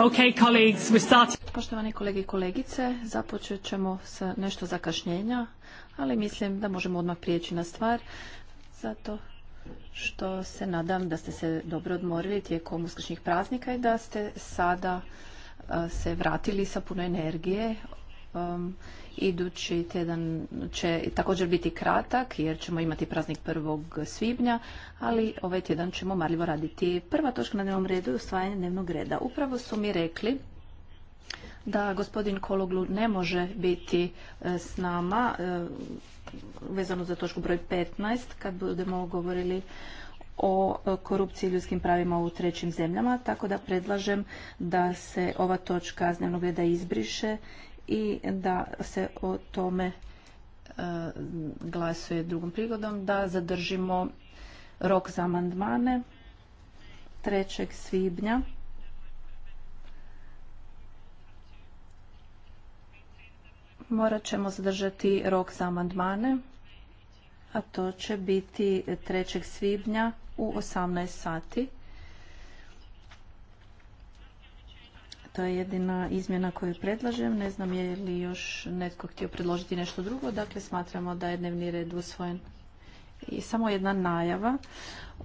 Okay, colleagues, we start... Poštovani kolege i kolegice, započet ćemo sa nešto zakašnjenja, ali mislim da možemo odmah prijeći na stvar, zato što se nadam da ste se dobro odmorili tijekom uskršnjih praznika i da ste sada se vratili sa puno energije Um, idući tjedan će također biti kratak jer ćemo imati praznik 1. svibnja, ali ovaj tjedan ćemo marljivo raditi. Prva točka na dnevnom redu je usvajanje dnevnog reda. Upravo su mi rekli da gospodin Kologlu ne može biti e, s nama e, vezano za točku broj 15 kad budemo govorili o korupciji i ljudskim pravima u trećim zemljama, tako da predlažem da se ova točka dnevnog reda izbriše i da se o tome e, glasuje drugom prigodom da zadržimo rok za amandmane 3. svibnja morat ćemo zadržati rok za amandmane a to će biti 3. svibnja u 18 sati To je jedina izmjena koju predlažem. Ne znam je li još netko htio predložiti nešto drugo. Dakle, smatramo da je dnevni red usvojen. I samo jedna najava.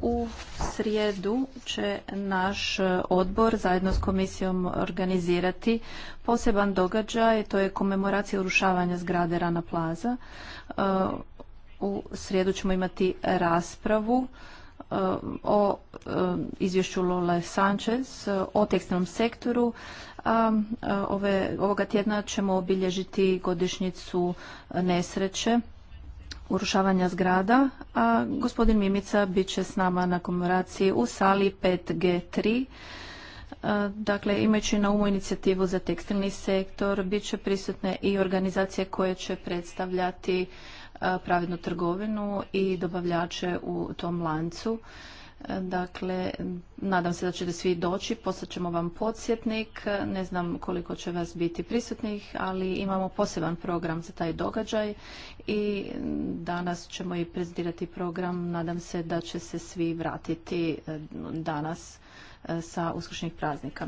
U srijedu će naš odbor zajedno s komisijom organizirati poseban događaj, to je komemoracija urušavanja zgrade Rana Plaza. E, u srijedu ćemo imati raspravu o e, izvješću Lola Sanchez e, o tekstilnom sektoru. A e, ove, ovoga tjedna ćemo obilježiti godišnjicu nesreće urušavanja zgrada, a gospodin Mimica bit će s nama na komemoraciji u sali 5G3. Dakle, imajući na umu inicijativu za tekstilni sektor, bit će prisutne i organizacije koje će predstavljati E, pravednu trgovinu i dobavljače u tom lancu. E, dakle, nadam se da ćete svi doći, poslat ćemo vam podsjetnik, e, ne znam koliko će vas biti prisutnih, ali imamo poseban program za taj događaj i danas ćemo i prezidirati program, nadam se da će se svi vratiti danas sa uskršnjih praznika.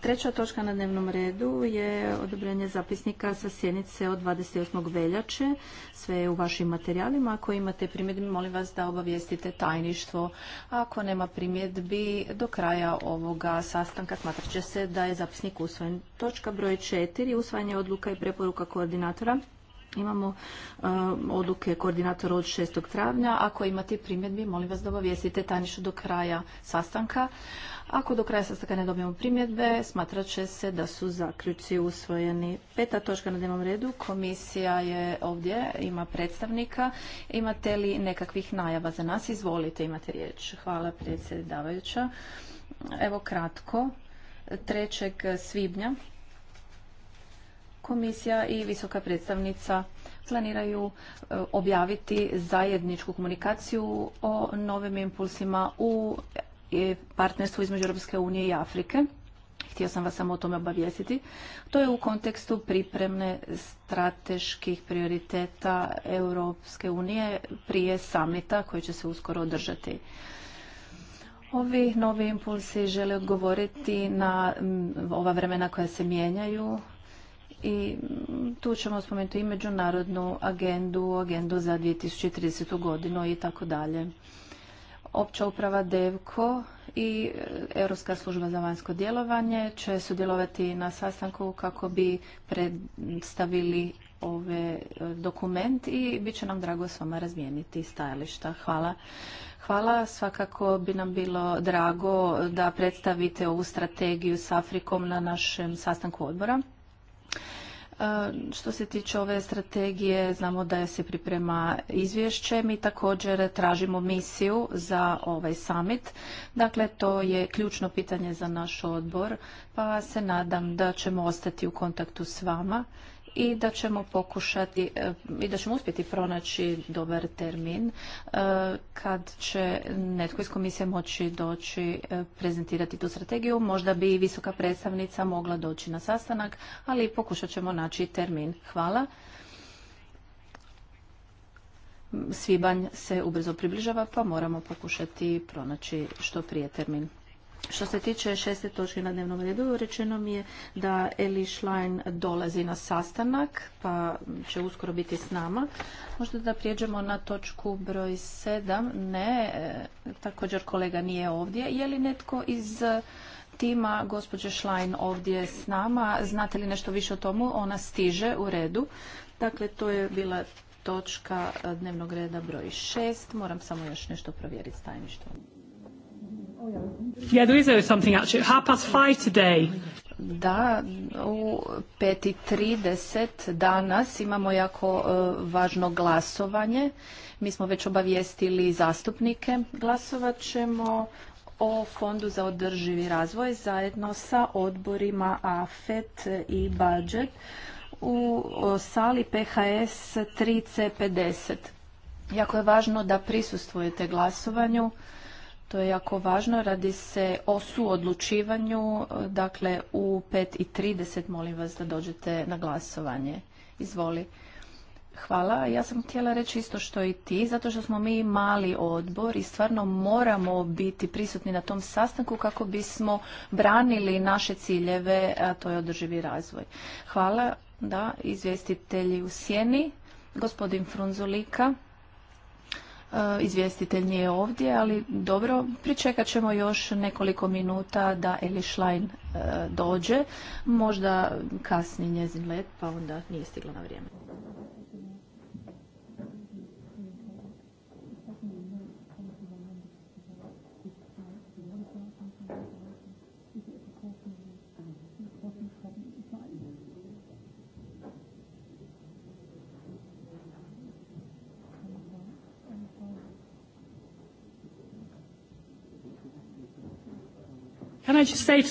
Treća točka na dnevnom redu je odobrenje zapisnika sa sjednice od 28. veljače. Sve je u vašim materijalima. Ako imate primjedbi, molim vas da obavijestite tajništvo. Ako nema primjedbi, do kraja ovoga sastanka smatrat će se da je zapisnik usvojen. Točka broj četiri, Usvajanje odluka i preporuka koordinatora. Imamo e, odluke koordinatora od 6. travnja. Ako imate primjedbi, molim vas da obavijestite Tanišu do kraja sastanka. Ako do kraja sastanka ne dobijemo primjedbe, smatrat će se da su zaključci usvojeni. Peta točka na dnevnom redu, komisija je ovdje, ima predstavnika. Imate li nekakvih najava za nas? Izvolite, imate riječ. Hvala predsjedavajuća. Evo kratko, 3. svibnja Komisija i visoka predstavnica planiraju e, objaviti zajedničku komunikaciju o novim impulsima u e, partnerstvu između Europske unije i Afrike. Htio sam vas samo o tome obavijestiti. To je u kontekstu pripremne strateških prioriteta Europske unije prije samita koji će se uskoro održati. Ovi novi impulsi žele odgovoriti na ova vremena koja se mijenjaju, i tu ćemo spomenuti i međunarodnu agendu, agendu za 2030. godinu i tako dalje. Opća uprava DEVKO i Europska služba za vanjsko djelovanje će sudjelovati na sastanku kako bi predstavili ove e, dokument i bit će nam drago s vama razmijeniti stajališta. Hvala. Hvala, svakako bi nam bilo drago da predstavite ovu strategiju s Afrikom na našem sastanku odbora. E, što se tiče ove strategije, znamo da se priprema izvješće. Mi također tražimo misiju za ovaj summit. Dakle, to je ključno pitanje za naš odbor, pa se nadam da ćemo ostati u kontaktu s vama i da ćemo pokušati e, i da ćemo uspjeti pronaći dobar termin e, kad će netko iz komisije moći doći e, prezentirati tu strategiju. Možda bi i visoka predstavnica mogla doći na sastanak, ali pokušat ćemo naći termin. Hvala. Svibanj se ubrzo približava pa moramo pokušati pronaći što prije termin. Što se tiče šeste točke na dnevnom redu, rečeno mi je da Eli Schlein dolazi na sastanak, pa će uskoro biti s nama. Možda da prijeđemo na točku broj sedam? Ne, e, također kolega nije ovdje. Je li netko iz tima gospođe Schlein ovdje s nama? Znate li nešto više o tomu? Ona stiže u redu. Dakle, to je bila točka dnevnog reda broj šest. Moram samo još nešto provjeriti s tajništvom. Yeah, there is always something actually. Half today. Da, u 5.30 danas imamo jako e, važno glasovanje. Mi smo već obavijestili zastupnike. Glasovat ćemo o Fondu za održivi razvoj zajedno sa odborima AFET i Budget u sali PHS 3C50. Jako je važno da prisustvujete glasovanju to je jako važno, radi se o suodlučivanju, dakle u 5.30 molim vas da dođete na glasovanje. Izvoli. Hvala. Ja sam htjela reći isto što i ti, zato što smo mi mali odbor i stvarno moramo biti prisutni na tom sastanku kako bismo branili naše ciljeve, a to je održivi razvoj. Hvala, da, izvjestitelji u sjeni, gospodin Frunzulika. E, izvjestitelj nije ovdje, ali dobro, pričekat ćemo još nekoliko minuta da Eli Schlein e, dođe. Možda kasni njezin let, pa onda nije stigla na vrijeme. Can I just say to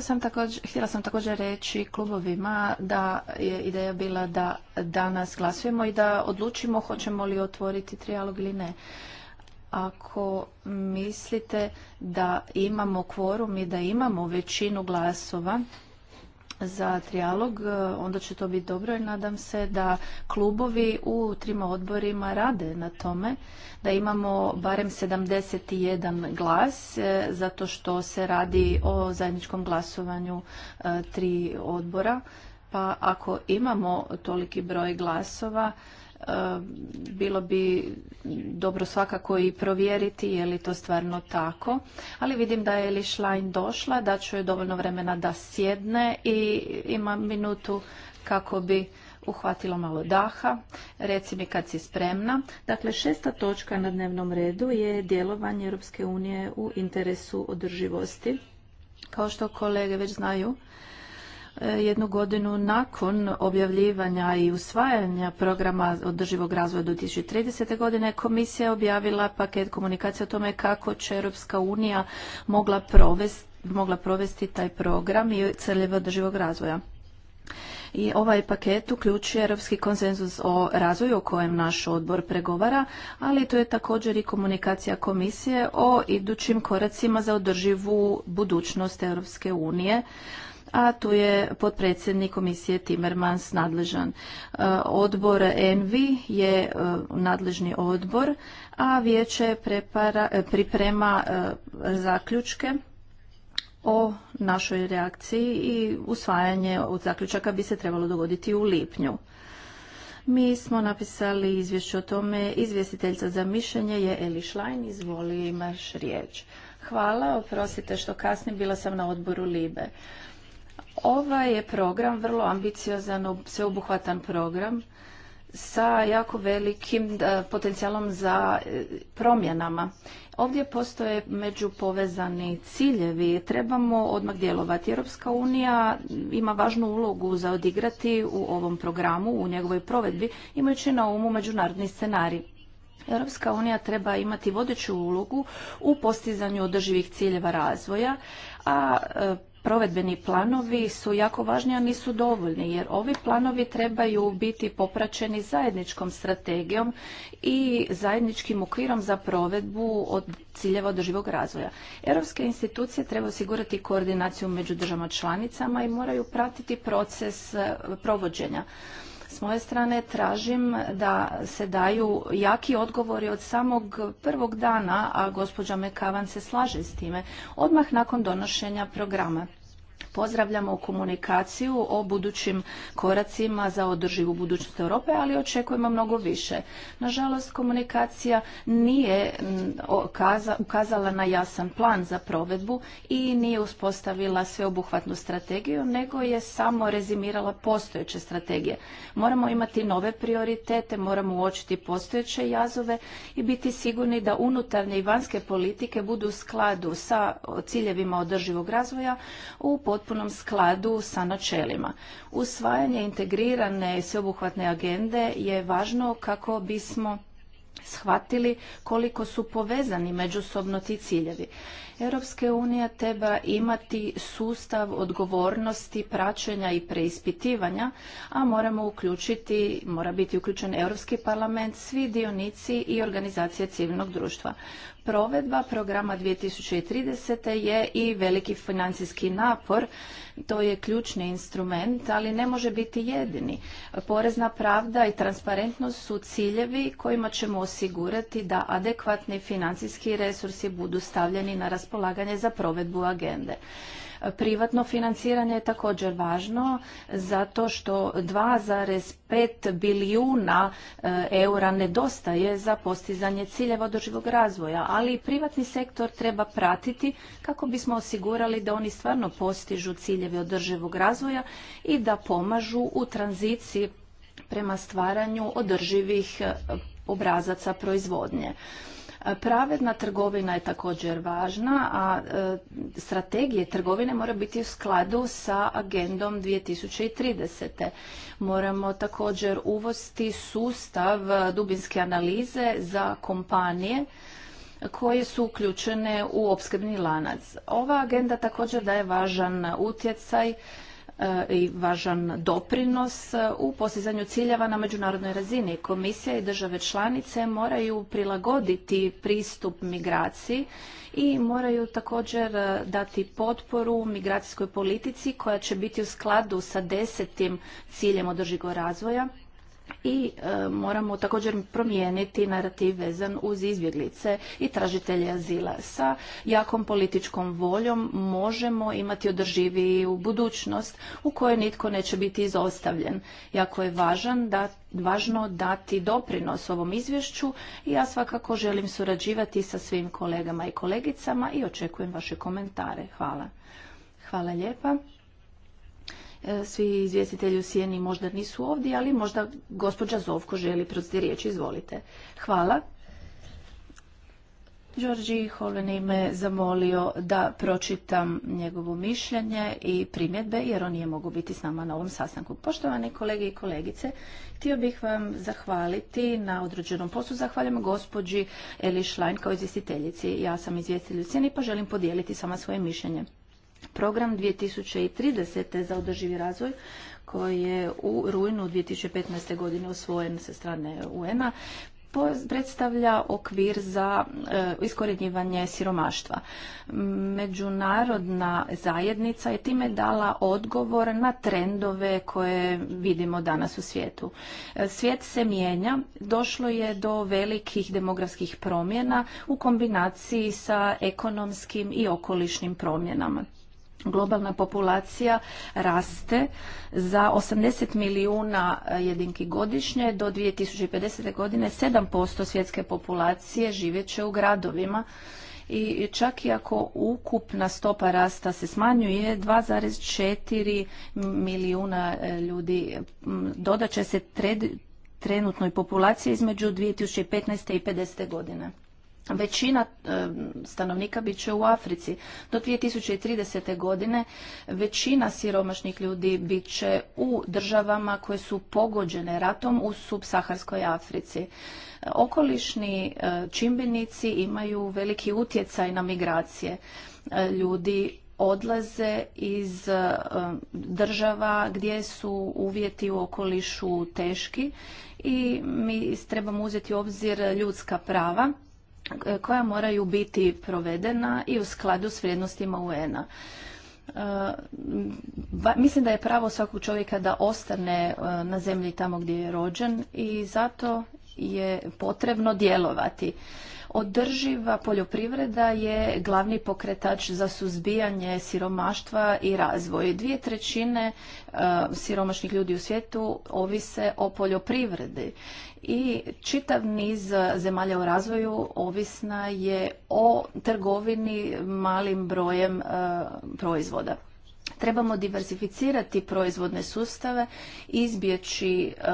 sam također, htjela sam također reći klubovima da je ideja bila da danas glasujemo i da odlučimo hoćemo li otvoriti trijalog ili ne. Ako mislite da imamo kvorum i da imamo većinu glasova, za trijalog, e, onda će to biti dobro i nadam se da klubovi u trima odborima rade na tome, da imamo barem 71 glas, e, zato što se radi o zajedničkom glasovanju e, tri odbora, pa ako imamo toliki broj glasova, Eh, bilo bi dobro svakako i provjeriti je li to stvarno tako. Ali vidim da je li Lajn došla, da ću joj dovoljno vremena da sjedne i ima minutu kako bi uhvatila malo daha. Reci mi kad si spremna. Dakle, šesta točka na dnevnom redu je djelovanje Europske unije u interesu održivosti. Kao što kolege već znaju, E, jednu godinu nakon objavljivanja i usvajanja programa održivog razvoja do 2030. godine komisija je objavila paket komunikacije o tome kako će Europska unija mogla provesti, taj program i ciljeva održivog razvoja. I ovaj paket uključuje europski konsenzus o razvoju o kojem naš odbor pregovara, ali to je također i komunikacija komisije o idućim koracima za održivu budućnost Europske unije a tu je potpredsjednik komisije Timmermans nadležan. E, odbor ENVI je e, nadležni odbor, a vijeće e, priprema zaključke o našoj reakciji i usvajanje od zaključaka bi se trebalo dogoditi u lipnju. Mi smo napisali izvješće o tome. Izvjestiteljica za mišljenje je Eli Schlein. Izvoli, imaš riječ. Hvala, oprostite što kasnije bila sam na odboru Libe. Ovaj je program vrlo ambiciozan, sveobuhvatan program sa jako velikim e, potencijalom za e, promjenama. Ovdje postoje međupovezani ciljevi. Trebamo odmah djelovati. Europska unija ima važnu ulogu za odigrati u ovom programu, u njegovoj provedbi, imajući na umu međunarodni scenarij. Europska unija treba imati vodeću ulogu u postizanju održivih ciljeva razvoja, a e, provedbeni planovi su jako važni, a nisu dovoljni, jer ovi planovi trebaju biti popraćeni zajedničkom strategijom i zajedničkim okvirom za provedbu od ciljeva održivog razvoja. Europske institucije treba osigurati koordinaciju među državama članicama i moraju pratiti proces eh, provođenja. S moje strane tražim da se daju jaki odgovori od samog prvog dana, a gospođa Mekavan se slaže s time, odmah nakon donošenja programa. Pozdravljamo komunikaciju o budućim koracima za održivu budućnost Europe, ali očekujemo mnogo više. Nažalost, komunikacija nije ukazala na jasan plan za provedbu i nije uspostavila sveobuhvatnu strategiju, nego je samo rezimirala postojeće strategije. Moramo imati nove prioritete, moramo uočiti postojeće jazove i biti sigurni da unutarnje i vanjske politike budu u skladu sa ciljevima održivog razvoja u potpunom skladu sa načelima. Usvajanje integrirane i sveobuhvatne agende je važno kako bismo shvatili koliko su povezani međusobno ti ciljevi. Europske unija treba imati sustav odgovornosti, praćenja i preispitivanja, a moramo uključiti, mora biti uključen Europski parlament, svi dionici i organizacije civilnog društva. Provedba programa 2030. je i veliki financijski napor to je ključni instrument, ali ne može biti jedini. Porezna pravda i transparentnost su ciljevi kojima ćemo osigurati da adekvatni financijski resursi budu stavljeni na raspolaganje za provedbu agende. Privatno financiranje je također važno zato što 2,5 bilijuna e, eura nedostaje za postizanje ciljeva održivog razvoja, ali privatni sektor treba pratiti kako bismo osigurali da oni stvarno postižu ciljeve ciljeve održivog razvoja i da pomažu u tranziciji prema stvaranju održivih e, obrazaca proizvodnje. Pravedna trgovina je također važna, a e, strategije trgovine mora biti u skladu sa agendom 2030. Moramo također uvesti sustav e, dubinske analize za kompanije koje su uključene u opskrbni lanac. Ova agenda također daje važan utjecaj e, i važan doprinos e, u postizanju ciljeva na međunarodnoj razini. Komisija i države članice moraju prilagoditi pristup migraciji i moraju također e, dati potporu migracijskoj politici koja će biti u skladu sa desetim ciljem održivog razvoja i e, moramo također promijeniti narativ vezan uz izbjeglice i tražitelje azila. Sa jakom političkom voljom možemo imati održiviju budućnost u kojoj nitko neće biti izostavljen. Jako je važan da, važno dati doprinos ovom izvješću i ja svakako želim surađivati sa svim kolegama i kolegicama i očekujem vaše komentare. Hvala. Hvala lijepa. Svi izvjestitelji u sjeni možda nisu ovdje, ali možda gospođa Zovko želi prosti riječ. Izvolite. Hvala. Đorđi Holen me zamolio da pročitam njegovo mišljenje i primjedbe jer on nije mogu biti s nama na ovom sastanku. Poštovani kolege i kolegice, htio bih vam zahvaliti na određenom poslu. Zahvaljujem gospođi Eli kao izvjestiteljici. Ja sam izvjestitelj u cijeni pa želim podijeliti sama svoje mišljenje program 2030. za održivi razvoj koji je u rujnu 2015. godine osvojen sa strane UN-a predstavlja okvir za e, iskorjenjivanje siromaštva. Međunarodna zajednica je time dala odgovor na trendove koje vidimo danas u svijetu. E, svijet se mijenja, došlo je do velikih demografskih promjena u kombinaciji sa ekonomskim i okolišnim promjenama. Globalna populacija raste za 80 milijuna jedinki godišnje. Do 2050. godine 7% svjetske populacije živjet će u gradovima i čak i ako ukupna stopa rasta se smanjuje 2,4 milijuna e, ljudi dodat se trenutnoj populaciji između 2015. i 50. godine. Većina e, stanovnika bit će u Africi. Do 2030. godine većina siromašnih ljudi bit će u državama koje su pogođene ratom u subsaharskoj Africi. E, okolišni e, čimbenici imaju veliki utjecaj na migracije. Ljudi odlaze iz država gdje su uvjeti u okolišu teški i mi trebamo uzeti u obzir ljudska prava koja moraju biti provedena i u skladu s vrijednostima UN-a. E, mislim da je pravo svakog čovjeka da ostane e, na zemlji tamo gdje je rođen i zato je potrebno djelovati. Održiva poljoprivreda je glavni pokretač za suzbijanje siromaštva i razvoj. Dvije trećine e, siromašnih ljudi u svijetu ovise o poljoprivredi i čitav niz zemalja u razvoju ovisna je o trgovini malim brojem e, proizvoda. Trebamo diversificirati proizvodne sustave, izbjeći e,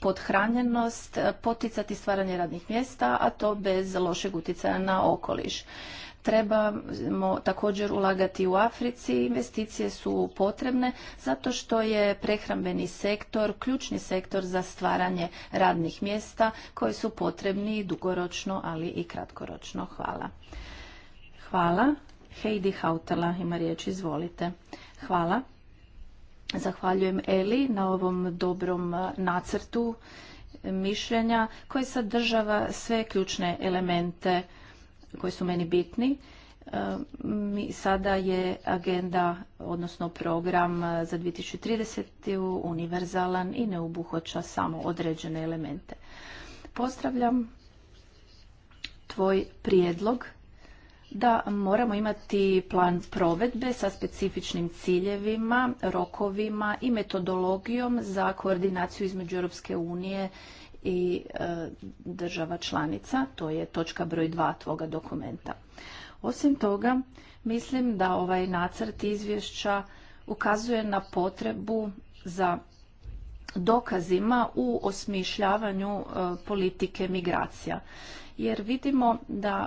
podhranjenost, e, poticati stvaranje radnih mjesta, a to bez lošeg utjecaja na okoliš. Trebamo također ulagati u Africi, investicije su potrebne zato što je prehrambeni sektor ključni sektor za stvaranje radnih mjesta koji su potrebni dugoročno, ali i kratkoročno. Hvala. Hvala. Heidi Hautala ima riječ, izvolite. Hvala. Zahvaljujem Eli na ovom dobrom nacrtu e, mišljenja koji sadržava sve ključne elemente koji su meni bitni. E, sada je agenda, odnosno program za 2030. univerzalan i ne obuhvaća samo određene elemente. Pozdravljam tvoj prijedlog da moramo imati plan provedbe sa specifičnim ciljevima, rokovima i metodologijom za koordinaciju između Europske unije i e, država članica. To je točka broj dva tvoga dokumenta. Osim toga, mislim da ovaj nacrt izvješća ukazuje na potrebu za dokazima u osmišljavanju e, politike migracija. Jer vidimo da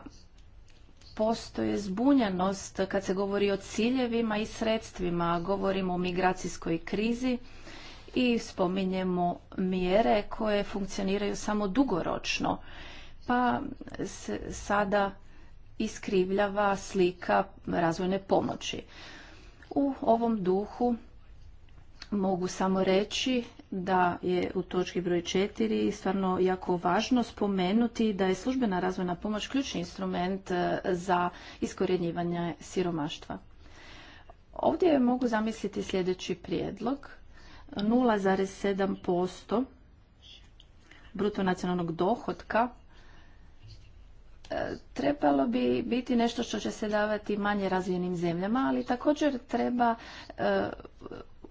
postoje zbunjanost kad se govori o ciljevima i sredstvima. Govorimo o migracijskoj krizi i spominjemo mjere koje funkcioniraju samo dugoročno. Pa se sada iskrivljava slika razvojne pomoći. U ovom duhu mogu samo reći da je u točki broj četiri stvarno jako važno spomenuti da je službena razvojna pomoć ključni instrument e, za iskorjenjivanje siromaštva. Ovdje mogu zamisliti sljedeći prijedlog. 0,7% bruto nacionalnog dohotka e, trebalo bi biti nešto što će se davati manje razvijenim zemljama, ali također treba e,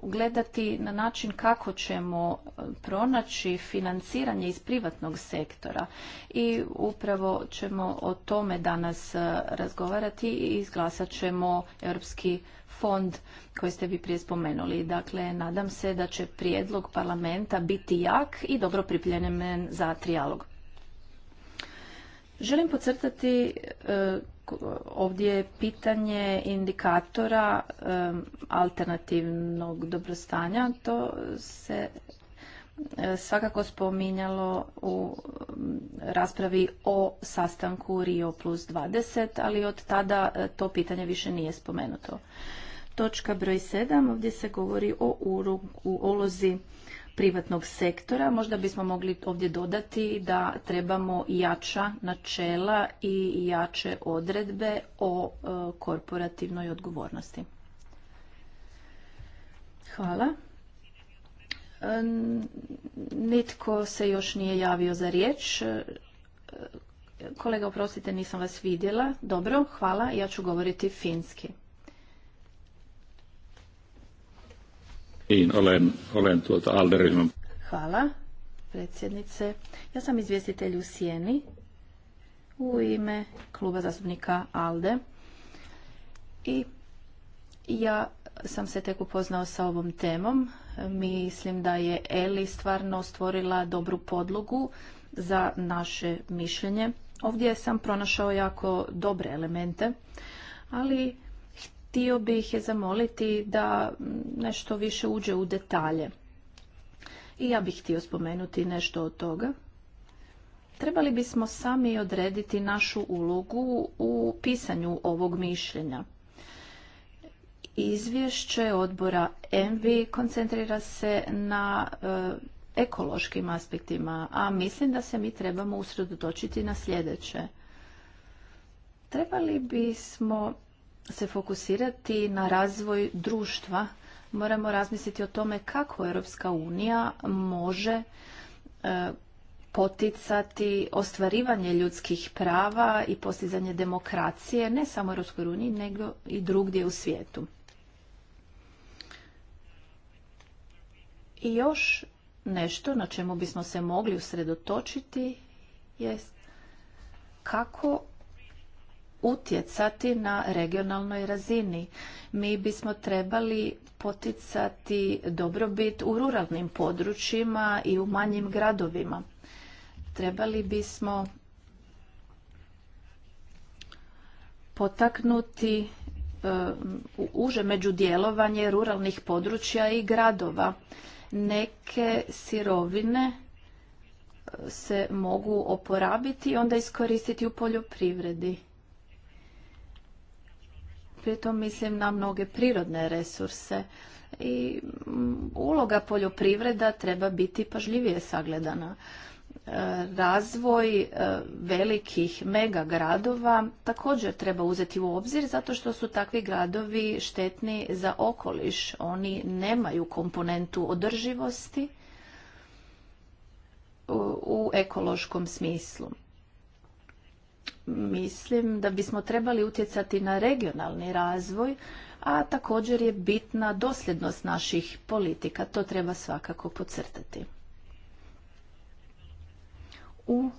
gledati na način kako ćemo e, pronaći financiranje iz privatnog sektora i upravo ćemo o tome danas e, razgovarati i izglasat ćemo Europski fond koji ste vi prije spomenuli. Dakle, nadam se da će prijedlog parlamenta biti jak i dobro pripremljen za trijalog. Želim podcrtati e, ovdje je pitanje indikatora alternativnog dobrostanja. To se e, svakako spominjalo u raspravi o sastanku Rio plus 20, ali od tada e, to pitanje više nije spomenuto. Točka broj 7. Ovdje se govori o ulozi privatnog sektora. Možda bismo mogli ovdje dodati da trebamo jača načela i jače odredbe o e, korporativnoj odgovornosti. Hvala. E, nitko se još nije javio za riječ. E, kolega, oprostite, nisam vas vidjela. Dobro, hvala. Ja ću govoriti finski. Hvala, predsjednice. Ja sam izvjestitelj u Sijeni u ime kluba zastupnika ALDE. I ja sam se tek upoznao sa ovom temom. Mislim da je Eli stvarno stvorila dobru podlogu za naše mišljenje. Ovdje sam pronašao jako dobre elemente, ali htio bih je zamoliti da nešto više uđe u detalje. I ja bih htio spomenuti nešto od toga. Trebali bismo sami odrediti našu ulogu u pisanju ovog mišljenja. Izvješće odbora ENVI koncentrira se na e, ekološkim aspektima, a mislim da se mi trebamo usredotočiti na sljedeće. Trebali bismo se fokusirati na razvoj društva, moramo razmisliti o tome kako Europska unija može e, poticati ostvarivanje ljudskih prava i postizanje demokracije ne samo u Europskoj uniji nego i drugdje u svijetu. I još nešto na čemu bismo se mogli usredotočiti jest kako utjecati na regionalnoj razini. Mi bismo trebali poticati dobrobit u ruralnim područjima i u manjim gradovima. Trebali bismo potaknuti e, uže međudjelovanje ruralnih područja i gradova. Neke sirovine e, se mogu oporabiti i onda iskoristiti u poljoprivredi pritom mislim na mnoge prirodne resurse i mm, uloga poljoprivreda treba biti pažljivije sagledana. E, razvoj e, velikih mega gradova također treba uzeti u obzir zato što su takvi gradovi štetni za okoliš. Oni nemaju komponentu održivosti u ekološkom smislu mislim da bismo trebali utjecati na regionalni razvoj, a također je bitna dosljednost naših politika. To treba svakako pocrtati. U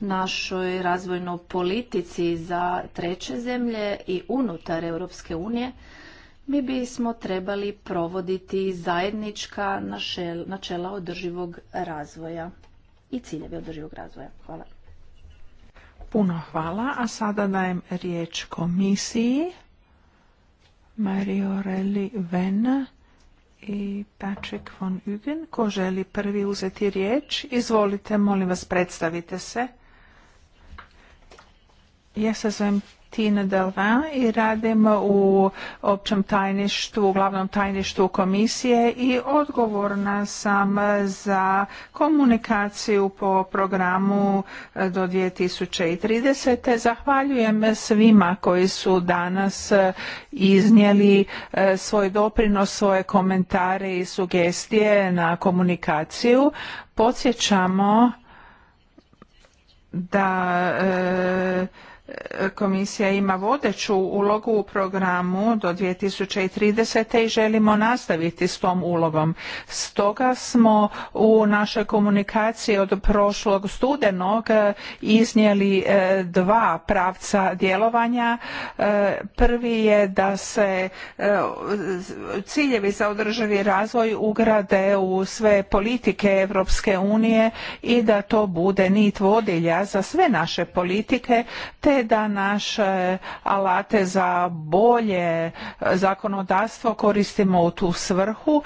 našoj razvojnoj politici za treće zemlje i unutar Europske unije mi bismo trebali provoditi zajednička načela održivog razvoja i ciljeve održivog razvoja. Hvala. Puno hvala, a sada dajem riječ komisiji. Mario Relli Vena i Patrick von Ugen. Ko želi prvi uzeti riječ? Izvolite, molim vas, predstavite se. Ja se zovem Tina Delvin i radim u općem tajništvu, u glavnom tajništvu komisije i odgovorna sam za komunikaciju po programu e, do 2030. Zahvaljujem svima koji su danas e, iznijeli e, svoj doprinos, svoje komentare i sugestije na komunikaciju. Podsjećamo da komisija ima vodeću ulogu u programu do 2030. i želimo nastaviti s tom ulogom. Stoga smo u našoj komunikaciji od prošlog studenog e, iznijeli e, dva pravca djelovanja. E, prvi je da se ciljevi za održivi razvoj ugrade u sve politike Europske unije i da to bude nit vodilja za sve naše politike te da naše alate za bolje zakonodavstvo koristimo u tu svrhu,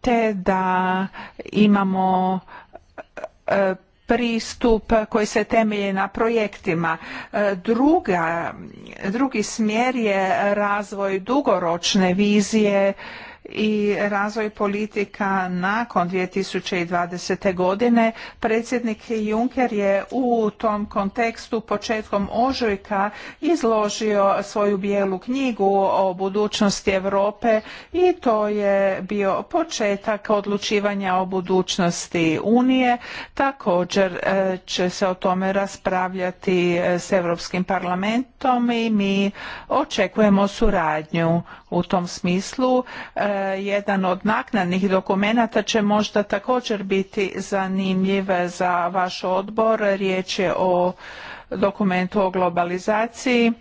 te da imamo e, pristup koji se temelji na projektima. E, drugi smjer je razvoj dugoročne vizije i razvoj politika nakon 2020. godine. Predsjednik Juncker je u tom kontekstu početkom ožujka izložio svoju bijelu knjigu o budućnosti Europe i to je bio početak odlučivanja o budućnosti Unije. Također e, će se o tome raspravljati s Europskim parlamentom i mi očekujemo suradnju u tom smislu e, jedan od naknadnih dokumenata će možda također biti zanimljiv za vaš odbor. Riječ je o dokumentu o globalizaciji.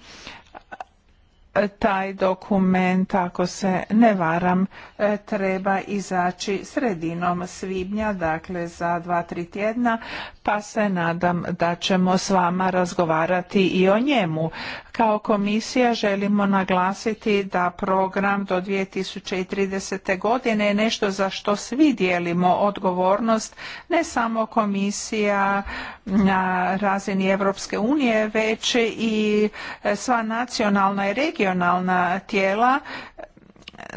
E, taj dokument, ako se ne varam, e, treba izaći sredinom svibnja, dakle za dva, tri tjedna, pa se nadam da ćemo s vama razgovarati i o njemu. Kao komisija želimo naglasiti da program do 2030. godine je nešto za što svi dijelimo odgovornost, ne samo komisija na razini Europske unije, već i sva nacionalna i regionalna tijela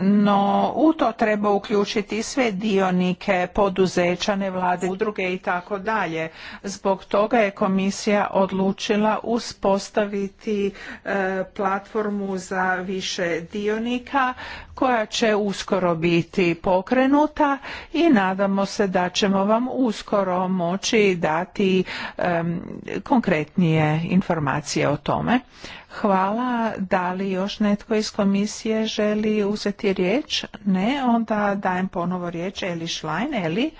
no u to treba uključiti sve dionike, poduzeća, nevlade, udruge i tako dalje. Zbog toga je komisija odlučila uspostaviti e, platformu za više dionika koja će uskoro biti pokrenuta i nadamo se da ćemo vam uskoro moći dati konkretnije informacije o tome. Hvala. Da li još netko iz komisije želi uzeti riječ? Ne, onda dajem ponovo riječ Eli Schlein. Eli,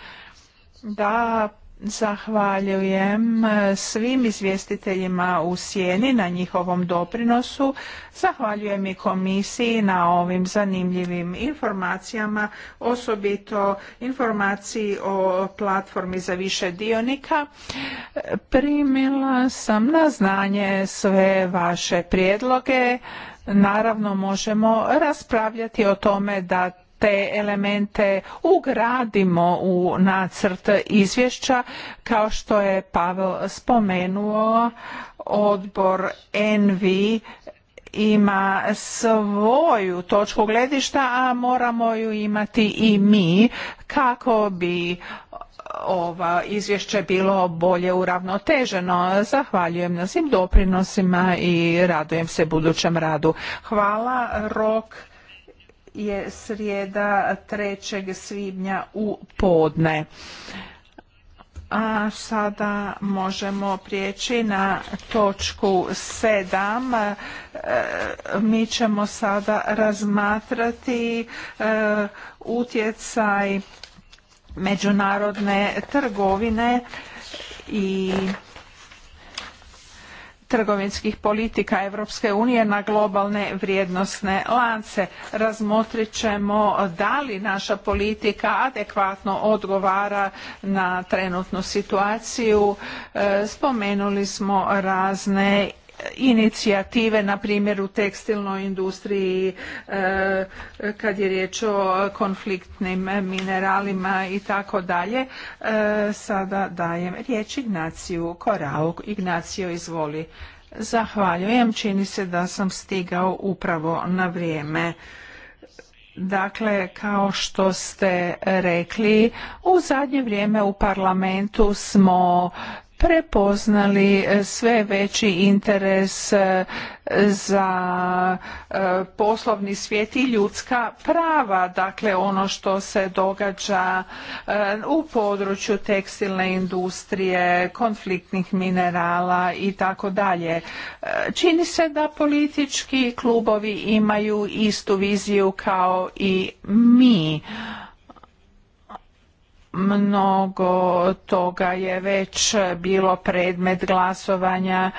da Zahvaljujem svim izvjestiteljima u sjeni na njihovom doprinosu. Zahvaljujem i komisiji na ovim zanimljivim informacijama, osobito informaciji o platformi za više dionika. Primila sam na znanje sve vaše prijedloge. Naravno možemo raspravljati o tome da te elemente ugradimo u nacrt izvješća kao što je Pavel spomenuo odbor NV ima svoju točku gledišta, a moramo ju imati i mi kako bi ova izvješće bilo bolje uravnoteženo. Zahvaljujem na svim doprinosima i radujem se budućem radu. Hvala. Rok je srijeda 3. svibnja u podne. A sada možemo prijeći na točku 7. E, mi ćemo sada razmatrati e, utjecaj međunarodne trgovine i trgovinskih politika Europske unije na globalne vrijednosne lance. Razmotrit ćemo da li naša politika adekvatno odgovara na trenutnu situaciju. E, spomenuli smo razne inicijative, na primjer u tekstilnoj industriji e, kad je riječ o konfliktnim mineralima i tako dalje. E, sada dajem riječ Ignaciju Korau. Ignacio, izvoli. Zahvaljujem, čini se da sam stigao upravo na vrijeme. Dakle, kao što ste rekli, u zadnje vrijeme u parlamentu smo prepoznali e, sve veći interes e, za e, poslovni svijet i ljudska prava, dakle ono što se događa u području tekstilne industrije, konfliktnih minerala i tako dalje. Čini se da politički klubovi imaju istu viziju kao i mi mnogo toga je već bilo predmet glasovanja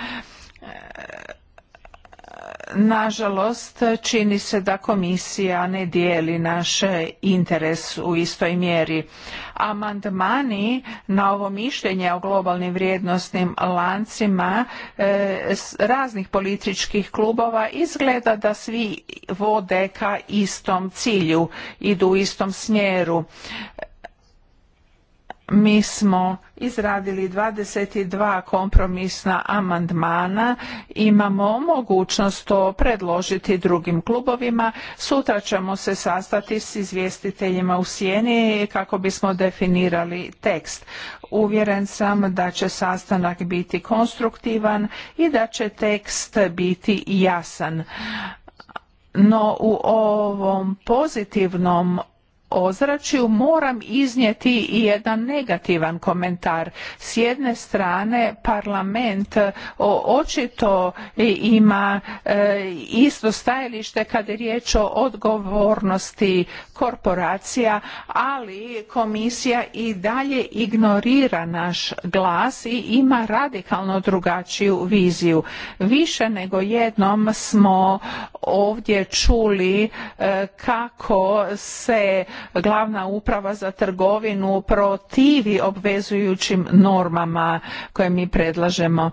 nažalost čini se da komisija ne dijeli naš interes u istoj mjeri. Amandmani na ovo mišljenje o globalnim vrijednosnim lancima e, raznih političkih klubova izgleda da svi vode ka istom cilju, idu u istom smjeru mi smo izradili 22 kompromisna amandmana. Imamo mogućnost to predložiti drugim klubovima. Sutra ćemo se sastati s izvjestiteljima u sjeni kako bismo definirali tekst. Uvjeren sam da će sastanak biti konstruktivan i da će tekst biti jasan. No u ovom pozitivnom ozračju moram iznijeti i jedan negativan komentar. S jedne strane parlament e, očito ima e, isto stajalište kada je riječ o odgovornosti korporacija, ali komisija i dalje ignorira naš glas i ima radikalno drugačiju viziju. Više nego jednom smo ovdje čuli e, kako se glavna uprava za trgovinu protivi obvezujućim normama koje mi predlažemo.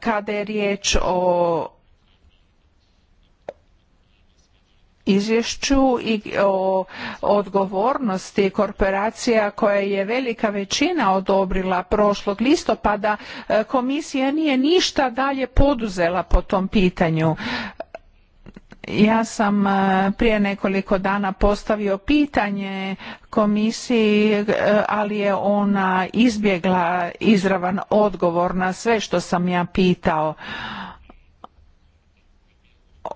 Kada je riječ o izvješću i o odgovornosti korporacija koje je velika većina odobrila prošlog listopada e, komisija nije ništa dalje poduzela po tom pitanju ja sam e, prije nekoliko dana postavio pitanje komisiji, e, ali je ona izbjegla izravan odgovor na sve što sam ja pitao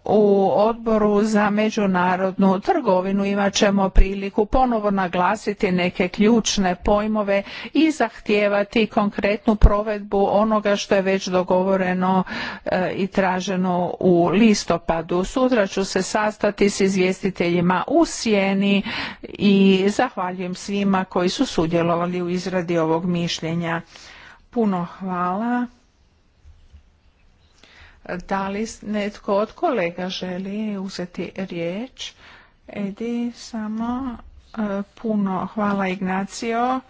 u odboru za međunarodnu trgovinu imat ćemo priliku ponovo naglasiti neke ključne pojmove i zahtijevati konkretnu provedbu onoga što je već dogovoreno e, i traženo u listopadu. Sutra ću se sastati s izvjestiteljima u sjeni i zahvaljujem svima koji su sudjelovali u izradi ovog mišljenja. Puno hvala. Da li netko od kolega želi uzeti riječ? Edi, samo e, puno hvala Ignacio.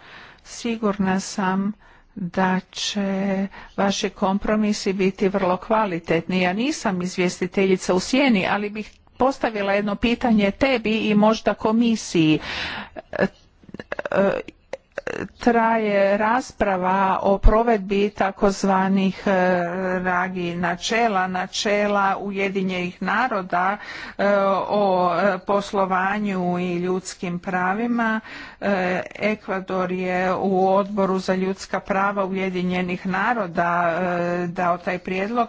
Sigurna sam da će vaši kompromisi biti vrlo kvalitetni. Ja nisam izvjestiteljica u sjeni, ali bih postavila jedno pitanje tebi i možda komisiji e, e, traje rasprava o provedbi takozvanih e, ragi načela, načela Ujedinjenih naroda e, o e, poslovanju i ljudskim pravima. Ekvador je u odboru za ljudska prava Ujedinjenih naroda dao taj prijedlog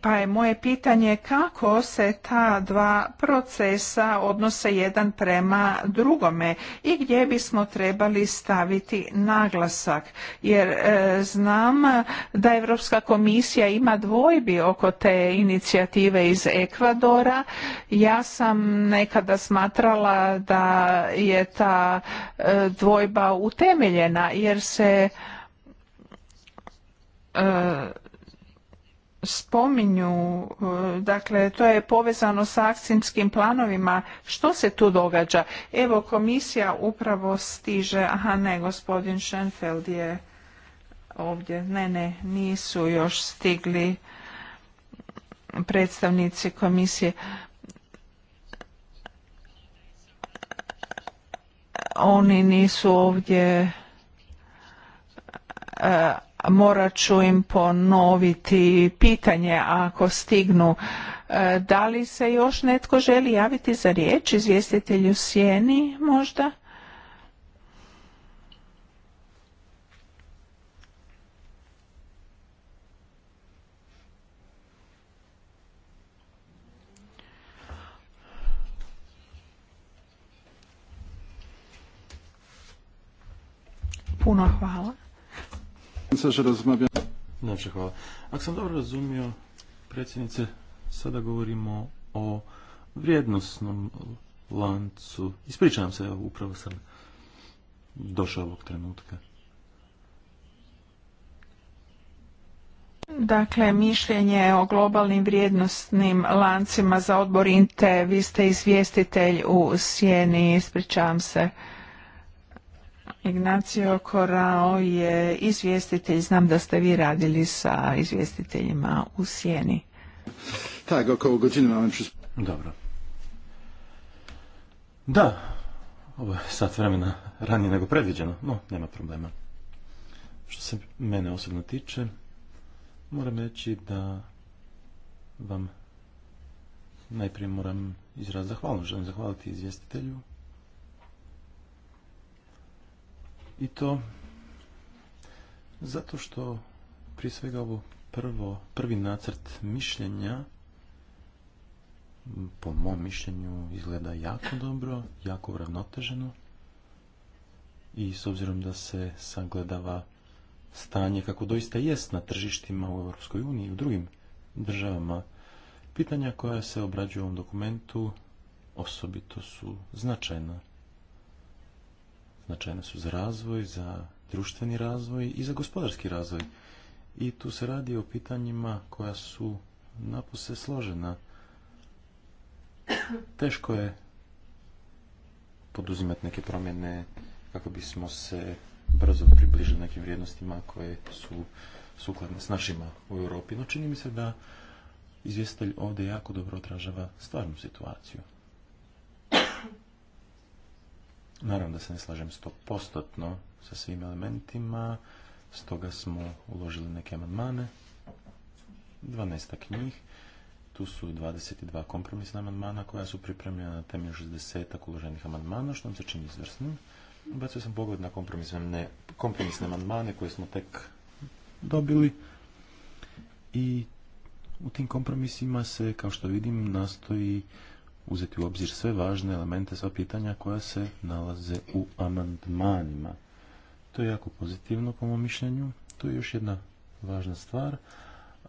pa je moje pitanje kako se ta dva procesa odnose jedan prema drugome i gdje bismo trebali staviti naglasak jer e, znam da Europska komisija ima dvojbi oko te inicijative iz Ekvadora ja sam nekada smatrala da je ta e, dvojba utemeljena jer se e, spominju, e, dakle to je povezano sa akcijskim planovima, što se tu događa? Evo komisija upravo stiže, aha ne, gospodin Schenfeld je ovdje, ne, ne, nisu još stigli predstavnici komisije. Oni nisu ovdje e, morat ću im ponoviti pitanje ako stignu. E, da li se još netko želi javiti za riječ? Izvjestitelju Sjeni možda? Puno hvala hvala. Ako sam dobro razumio, predsjednice, sada govorimo o vrijednostnom lancu. Ispričavam se, upravo sam došao ovog trenutka. Dakle, mišljenje o globalnim vrijednostnim lancima za odbor INTE, vi ste izvjestitelj u Sjeni, ispričavam se. Ignacio Korao je izvjestitelj, znam da ste vi radili sa izvjestiteljima u Sjeni. Tak, oko Dobro. Da, ovo je sat vremena ranije nego predviđeno, no nema problema. Što se mene osobno tiče, moram reći da vam najprije moram izraz zahvalno. Želim zahvaliti izvjestitelju I to zato što prije svega ovo prvo, prvi nacrt mišljenja po mom mišljenju izgleda jako dobro, jako uravnoteženo i s obzirom da se sagledava stanje kako doista jest na tržištima u Europskoj uniji i u drugim državama, pitanja koja se obrađuju u ovom dokumentu osobito su značajna značajne su za razvoj, za društveni razvoj i za gospodarski razvoj. I tu se radi o pitanjima koja su napose složena. Teško je poduzimati neke promjene kako bismo se brzo približili nekim vrijednostima koje su sukladne s našima u Europi. No čini mi se da izvjestitelj ovdje jako dobro odražava stvarnu situaciju. Naravno da se ne slažem stopostotno sa svim elementima, stoga smo uložili neke amandmane, 12 knjih, tu su 22 kompromisna amandmana koja su pripremljena na temelju 60 uloženih amandmana, što nam se čini izvrsnim. Bacio sam pogled na kompromisne amandmane koje smo tek dobili i u tim kompromisima se, kao što vidim, nastoji uzeti u obzir sve važne elemente, sva pitanja koja se nalaze u amandmanima. To je jako pozitivno po mom mišljenju. To je još jedna važna stvar,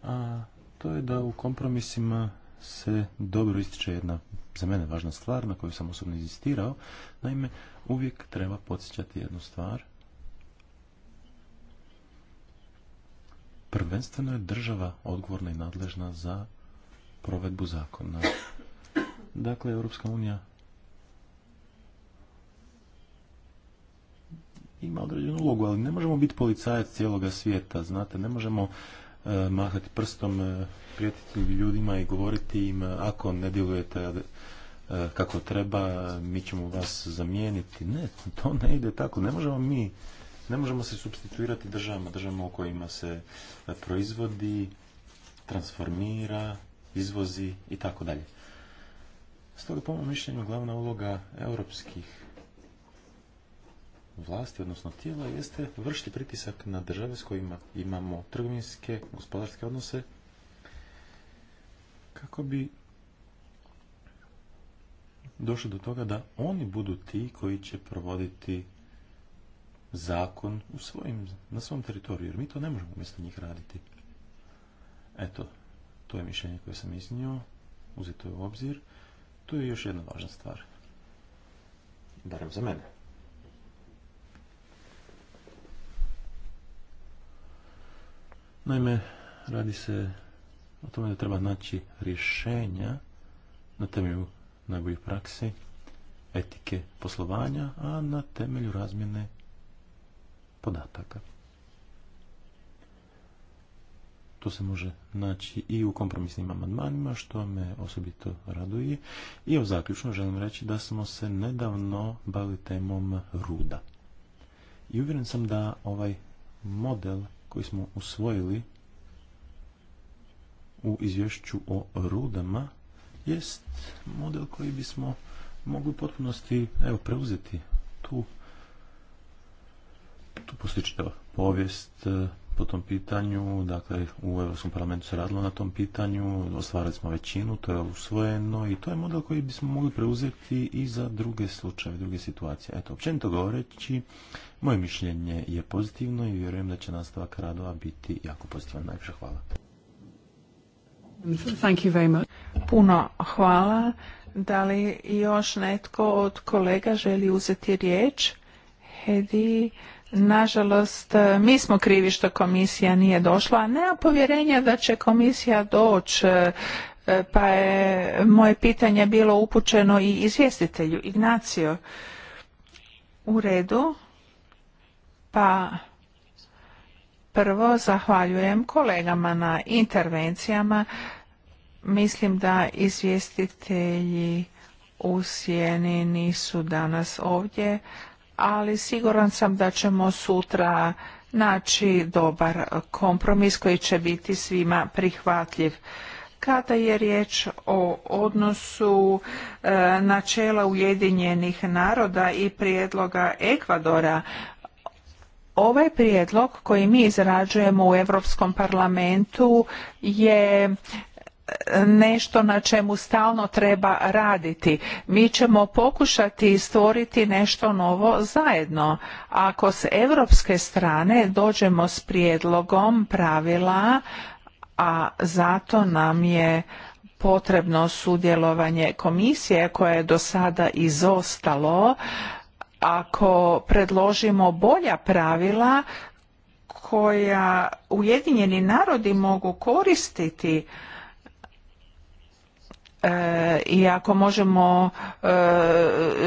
a to je da u kompromisima se dobro ističe jedna za mene važna stvar na koju sam osobno insistirao. Naime, uvijek treba podsjećati jednu stvar. Prvenstveno je država odgovorna i nadležna za provedbu zakona. Dakle, Europska unija ima određenu ulogu, ali ne možemo biti policajac cijeloga svijeta, znate, ne možemo e, mahati prstom, e, prijetiti ljudima i govoriti im e, ako ne djelujete kako treba, mi ćemo vas zamijeniti. Ne, to ne ide tako. Ne možemo mi, ne možemo se substituirati državama, državama u kojima se proizvodi, transformira, izvozi i tako dalje. Stoga po mojom mišljenju glavna uloga europskih vlasti, odnosno tijela, jeste vršiti pritisak na države s kojima imamo trgovinske, gospodarske odnose, kako bi došli do toga da oni budu ti koji će provoditi zakon u svojim, na svom teritoriju, jer mi to ne možemo umjesto njih raditi. Eto, to je mišljenje koje sam iznio, uzeto je u obzir. Tu je još jedna važna stvar. Barem za mene. Naime, radi se o tome da treba naći rješenja na temelju najboljih praksi, etike poslovanja, a na temelju razmjene podataka. to se može naći i u kompromisnim amandmanima, što me osobito raduje. I o zaključno želim reći da smo se nedavno bavili temom ruda. I uvjeren sam da ovaj model koji smo usvojili u izvješću o rudama jest model koji bismo mogli u potpunosti evo, preuzeti tu tu povijest, po tom pitanju, dakle u Europskom parlamentu se radilo na tom pitanju, ostvarili smo većinu, to je usvojeno i to je model koji bismo mogli preuzeti i za druge slučaje, druge situacije. Eto, općenito govoreći, moje mišljenje je pozitivno i vjerujem da će nastavak radova biti jako pozitivan. Najviše hvala. Thank you very much. Puno hvala. Da li još netko od kolega želi uzeti riječ? Hedi, Nažalost, e, mi smo krivi što komisija nije došla, a nema povjerenja da će komisija doći e, e, pa je moje pitanje bilo upućeno i izvjestitelju Ignacio. U redu, pa prvo zahvaljujem kolegama na intervencijama. Mislim da izvjestitelji u Sjeni nisu danas ovdje, ali siguran sam da ćemo sutra naći dobar kompromis koji će biti svima prihvatljiv. Kada je riječ o odnosu e, načela Ujedinjenih naroda i prijedloga Ekvadora, ovaj prijedlog koji mi izrađujemo u Europskom parlamentu je nešto na čemu stalno treba raditi. Mi ćemo pokušati stvoriti nešto novo zajedno. Ako s europske strane dođemo s prijedlogom pravila, a zato nam je potrebno sudjelovanje komisije koje je do sada izostalo, ako predložimo bolja pravila koja Ujedinjeni narodi mogu koristiti, i ako možemo e,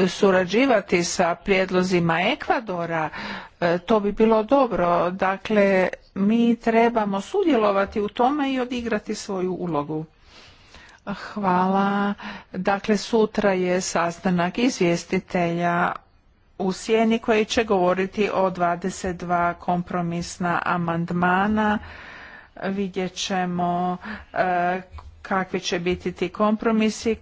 surađivati sa prijedlozima Ekvadora, e, to bi bilo dobro. Dakle, mi trebamo sudjelovati u tome i odigrati svoju ulogu. Hvala. Dakle, sutra je sastanak izvjestitelja u sjeni koji će govoriti o 22 kompromisna amandmana. Vidjet ćemo e, kakvi će biti ti kompromisi,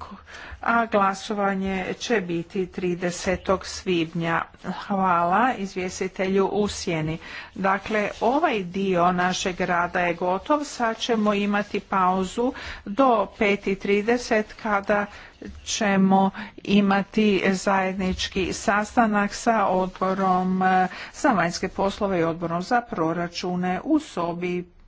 a glasovanje će biti 30. svibnja. Hvala izvjestitelju u sjeni. Dakle, ovaj dio našeg rada je gotov, sad ćemo imati pauzu do 5.30 kada ćemo imati zajednički sastanak sa odborom eh, za vanjske poslove i odborom za proračune u sobi